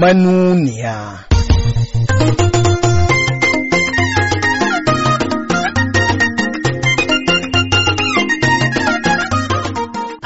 manuniya.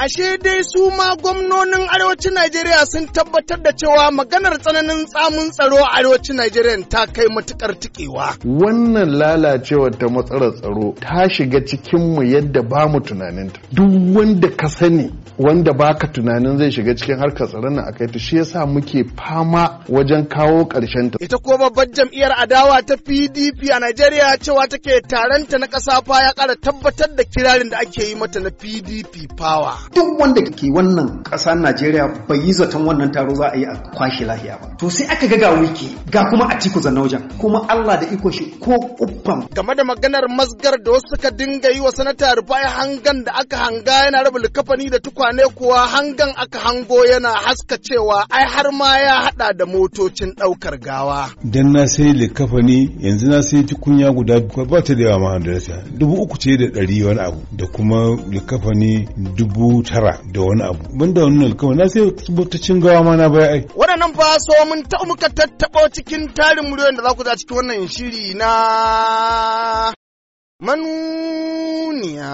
ashe dai su ma gwamnonin arewacin Najeriya sun tabbatar da cewa maganar tsananin tsamun tsaro a arewacin Najeriya ta kai matukar tikewa. Wannan lalacewar ta matsalar tsaro ta shiga cikin mu yadda ba mu tunaninta. Duk wanda ka sani wanda baka tunanin zai shiga cikin harkar tsaron nan akai ta shi yasa muke fama wajen kawo ƙarshen ta. Ita kuma babbar jam'iyyar adawa ta PDP a Najeriya cewa take taronta na ƙasa fa ya kara tabbatar da kirarin da ake yi mata na PDP power. duk wanda ke wannan ƙasa Najeriya bai yi zaton wannan taro za a yi a kwashe lahiya ba. To sai aka ga ga wiki ga kuma a tiku zanaujan kuma Allah da iko shi ko uffam. Game da maganar masgar da wasu suka dinga yi wa sanata rufaya hangan da aka hanga yana raba likafani da tukwane kuwa hangan aka hango yana haska cewa ai har ma ya hada da motocin ɗaukar gawa. Dan na sai likafani yanzu na sai tukunya guda ba ta da yawa ma dubu uku ce da ɗari wani abu da kuma likafani dubu tara da wani abu mun da wani alkawari na sai butacin gawa ma na bai ai waɗannan fa so mun ta muka tattaɓa cikin tarin muryoyin da za ku za cikin wannan shiri na manuniya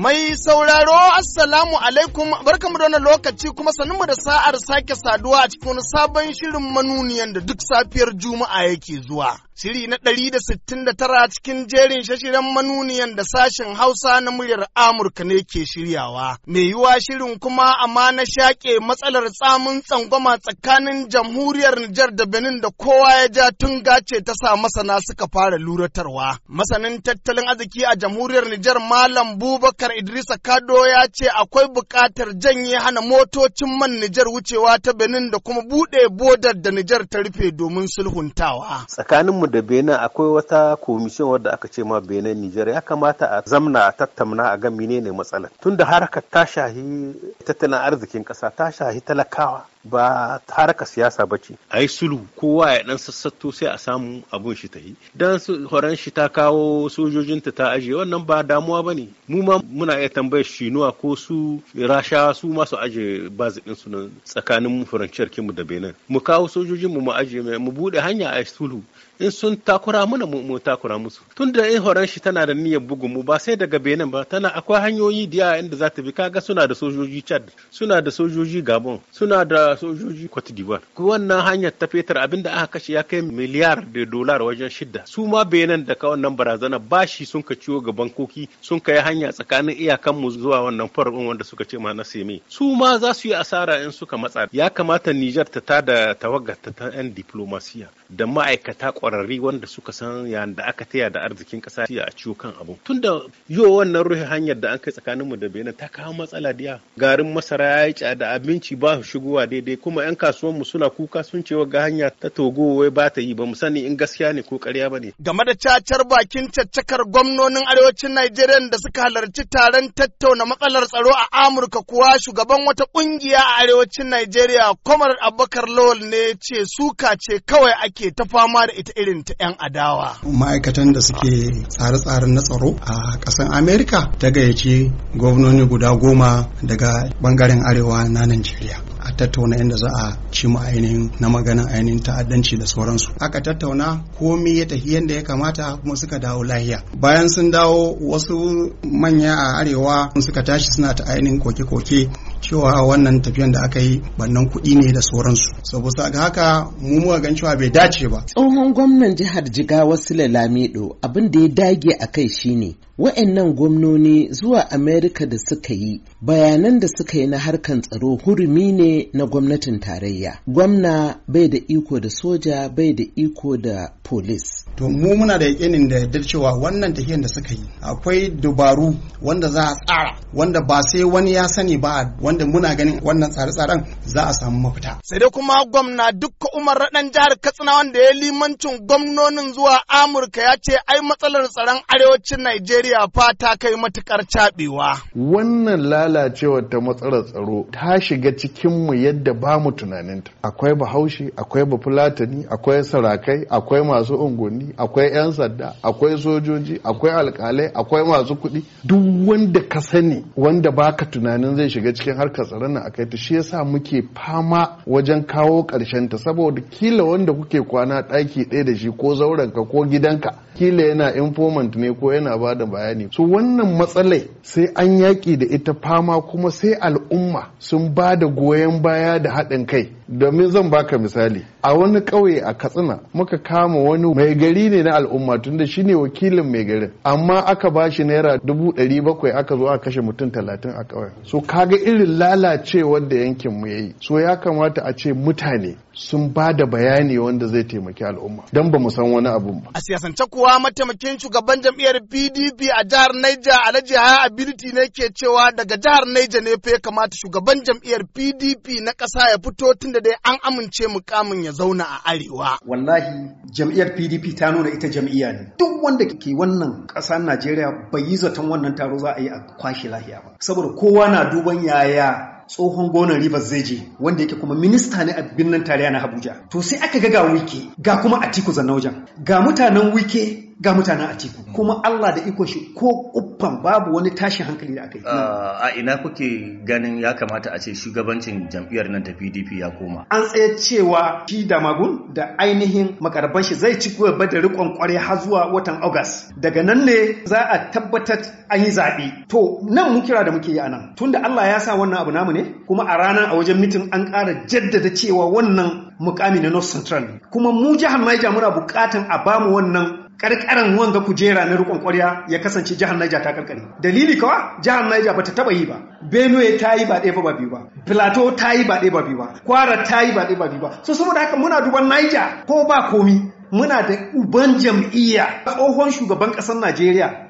Mai sauraro Assalamu alaikum barkamu da wannan lokaci kuma sanin da sa'ar sake saduwa a cikin sabon shirin manuniyan da duk safiyar Juma'a yake zuwa. shiri na ɗari da sittin da tara cikin jerin shashiren manuniyan da sashen Hausa na muryar Amurka ne ke shiryawa. Mai yiwuwa shirin kuma amma na shaƙe matsalar tsamin tsangwama tsakanin jamhuriyar Nijar da Benin da kowa ya ja tun gace ta sa masana suka fara luratarwa. Masanin tattalin arziki a jamhuriyar Nijar Malam Bubakar Idrisa Kado ya ce akwai buƙatar janye hana motocin man Nijar wucewa ta Benin da kuma buɗe bodar da Nijar ta rufe domin sulhuntawa. Tsakaninmu da benin akwai wata komishin wadda aka ce ma benin nijar ya kamata a zamna a tattauna a ga menene matsalar tunda harkar ta shahi tattalin arzikin ƙasa ta shahi talakawa ba haraka siyasa ba ce a yi sulu kowa ya dan sassato sai a samu abun shi ta yi dan horon shi ta kawo sojojinta ta ajiye wannan ba damuwa ba ne mu ma muna iya tambayar shinuwa ko su rasha su masu aje bazi su nan tsakanin mu furanciyar kinmu da benin mu kawo sojojin mu mu aje mu buɗe hanya a sulu. in sun takura mana mu takura musu tunda da in horon shi tana da niyyar bugun mu ba sai daga benin ba tana akwai hanyoyi da inda za ta bi kaga suna da sojoji chad suna da sojoji gabon suna da da sojoji Cote d'Ivoire. Wannan hanyar ta fetar abin da aka kashe ya kai miliyar da dolar wajen shidda. Su ma benin da ka wannan barazana bashi sun ka ciwo ga bankoki sun kai hanya tsakanin iyakan mu zuwa wannan farin wanda suka ce ma na seme. Su ma za su yi asara in suka matsa. Ya kamata Nijar ta da tawagarta ta 'yan diplomasiya da ma'aikata ƙwararri wanda suka san yayin da aka taya da arzikin ƙasa a ciwo kan abu. Tunda yo wannan ruhin hanyar da an kai mu da benin ta kawo matsala diya. Garin masara ya yi tsada abinci ba shigowa dai daidai kuma 'yan mu suna kuka sun ce ga hanya ta togo wai ba ta yi ba mu sani in gaskiya ne ko ƙarya ba ne. Game da cacar bakin caccakar gwamnonin arewacin Najeriya da suka halarci taron tattauna matsalar tsaro a Amurka kuwa shugaban wata ƙungiya a arewacin Najeriya Kwamar Abubakar Lawal ne ce suka ce kawai ake ta fama da ita irin ta 'yan adawa. Ma'aikatan da suke tsare-tsaren na tsaro a ƙasar Amerika ta gayyaci gwamnoni guda goma daga bangaren arewa na Najeriya. tattauna yadda za a ci mu ainihin na maganin ainihin ta'addanci da sauransu aka tattauna komai ya tafi yadda ya kamata kuma suka dawo lahiya bayan sun dawo wasu manya a arewa suka tashi suna ta ainihin koke-koke cewa wannan tafiyan da aka yi bannan kuɗi ne da sauransu saboda ga haka mu muka gan cewa bai dace ba tsohon gwamnan jihar jigawa sule lamido abin da ya dage a kai shine wa'annan gwamnoni zuwa amerika da suka yi bayanan da suka yi na harkan tsaro hurumi ne na gwamnatin tarayya gwamna bai da iko da soja bai da iko da polis to mu muna da yakinin da yaddar cewa wannan tafiyan da suka yi akwai dubaru wanda za a tsara wanda ba sai wani ya sani ba wanda muna ganin wannan tsare-tsaren za a samu mafita sai dai kuma gwamna dukka umar raɗan jihar katsina wanda ya limancin gwamnonin zuwa amurka ya ce ai matsalar tsaron arewacin najeriya fa ta kai matukar cabewa wannan lalacewar ta matsalar tsaro ta shiga cikinmu yadda ba mu tunaninta akwai bahaushe akwai bafulatani akwai sarakai akwai masu unguwanni akwai 'yan sadda akwai sojoji akwai alkalai akwai masu kuɗi duk wanda ka sani wanda baka tunanin zai shiga cikin harkar tsaron nan akai ta shi yasa muke fama wajen kawo ƙarshen ta saboda kila wanda kuke kwana ɗaki ɗaya da shi ko zauren ka ko gidanka kila yana informant ne ko yana ba da bayani Su wannan matsalai sai an yaƙi da ita fama kuma sai al'umma sun ba da goyon baya da haɗin kai domin zan baka misali a wani ƙauye a katsina muka kama wani mai gari ne na al'umma tunda shine wakilin mai garin amma aka ba shi naira dubu ɗari bakwai aka zo a kashe mutum talatin a ƙauyen so kaga irin lalacewar da yankin mu yayi so ya kamata a ce mutane sun ba da bayani wanda zai taimaki al'umma don ba mu san wani abu ba. A siyasance kuwa mataimakin shugaban jam'iyyar PDP a jihar Niger Alhaji Haya Ability ne ke cewa daga jihar Niger ne fa kamata shugaban jam'iyyar PDP na ƙasa ya fito tun da dai an amince mukamin ya zauna a arewa. Wallahi jam'iyyar PDP ta nuna ita jam'iyya ne. Duk wanda ke wannan ƙasar Najeriya bai yi zaton wannan taro za a yi a kwashe lahiya ba. Saboda kowa na duban yaya tsohon gonar Rivers zai je wanda yake kuma minista ne a birnin tarayya na Abuja to sai aka ga ga wike ga kuma Atiku Zanaujan ga mutanen wike ga mutanen a teku kuma Allah da iko shi ko kuffan babu wani tashin hankali da aka yi ah, a ina kuke ganin ya kamata a ce shugabancin jam'iyyar nan ta PDP ya koma an tsaye cewa shi da magun da ainihin makarban shi zai ci gaba da rikon kware har zuwa watan August daga nan ne za a tabbatar an yi zaɓe to nan mu kira da muke yi a nan. tunda Allah ya sa wannan abu namu ne kuma a ranar a wajen mitin an ƙara jaddada cewa wannan mukami na North Central kuma mu jihar Niger muna buƙatan a bamu wannan karkaran wanga kujera na rikon kwarya ya kasance jihar Naija ta karkare dalili kawa jihar Niger bata taba yi ba Benue ta yi ba ɗaya ba biyu ba Plateau ta yi ba ɗaya ba biyu ba Kwara ta yi ba ɗaya ba biyu ba so saboda haka muna duban naija ko ba komi muna da uban jam'iyya tsohon shugaban ƙasar Najeriya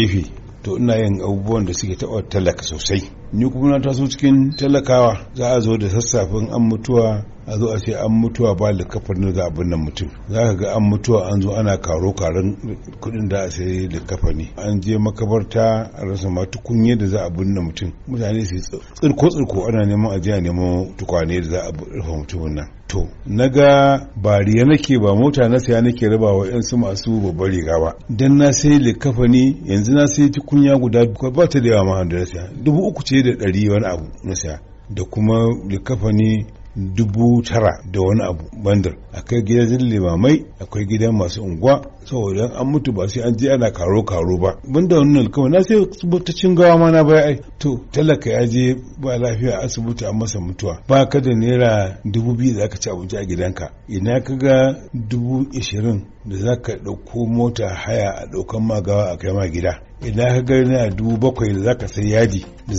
gefe to ina yin abubuwan da suke taɓa talaka sosai ni kuma na taso cikin talakawa za a zo da sassafin an mutuwa a zo a ce an mutuwa ba ne ga abin nan mutum za ka ga an mutuwa an zo ana karo karin kudin da a sai ne an je makabarta a rasa ma tukunye da za a binne mutum mutane su tsirko tsirko ana neman a ajiya neman tukwane da za a rufe mutumin nan to na ga bariya nake ba mota na saya nake raba wa yansu masu babbar riga ba dan na sai likafani yanzu na sai tukunya guda ba ta da yawa ma da na dubu uku ce da ɗari wani abu na saya da kuma likafani dubu tara da wani abu bandar akwai gidajen limamai akwai gidan masu unguwa saboda an mutu ba sai an je ana karo karo ba banda wannan alkawai na sai ta gawa ma na baya to talaka ya je ba lafiya asibiti an masa mutuwa ba ka da naira dubu biyu da ka ci abinci a gidanka ina ka ga dubu ishirin da za ka ɗauko mota haya a ɗaukan magawa a kai ma gida ina ka ga na dubu bakwai da zaka sai yadi da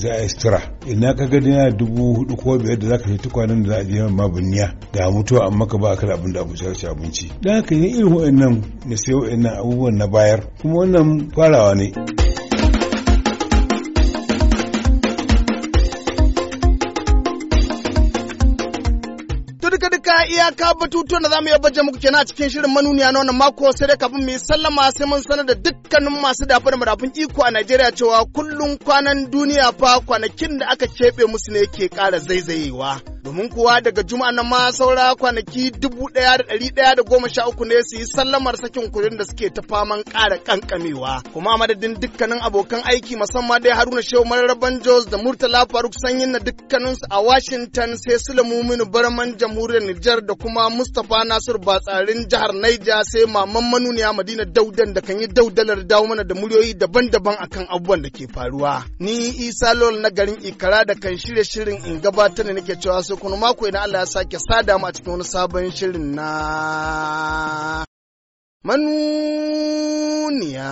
za a sutura ina ka ga na dubu hudu ko biyar da zaka sai tukwanen da za a biya ma bunniya da mutuwa amma ka ba ka da abinda da abu sai abinci dan haka ne irin wa'annan na sai wa'annan abubuwan na bayar kuma wannan farawa ne. iyaka batutuwan da za mu iya baje muku kenan a cikin shirin manuniya na wannan mako sai da kafin mu yi sallama sai mun sanar da dukkanin masu dafa da marafin iko a Najeriya cewa kullum kwanan duniya fa kwanakin da aka keɓe musu ne ke ƙara zaizayewa. domin kuwa daga juma'a na ma saura kwanaki dubu ɗaya da ɗari daya da goma sha uku ne su yi sallamar sakin kudin da suke ta faman ƙara ƙanƙamewa kuma a madadin dukkanin abokan aiki musamman dai haruna shehu mararraban jos da murtala faruk sanyin na dukkaninsu a washington sai sulamu minu barman jamhuriyar nijar da kuma mustapha Nasiru batsarin jihar naija sai maman manuniya madina daudan da kan yi daudalar dawo mana da muryoyi daban-daban akan abubuwan da ke faruwa ni isa lol na garin ikara da kan shirye shirin in gabatar da nake cewa su kuma mako idan Allah ya sake sada mu a cikin wani sabon shirin na manuniya.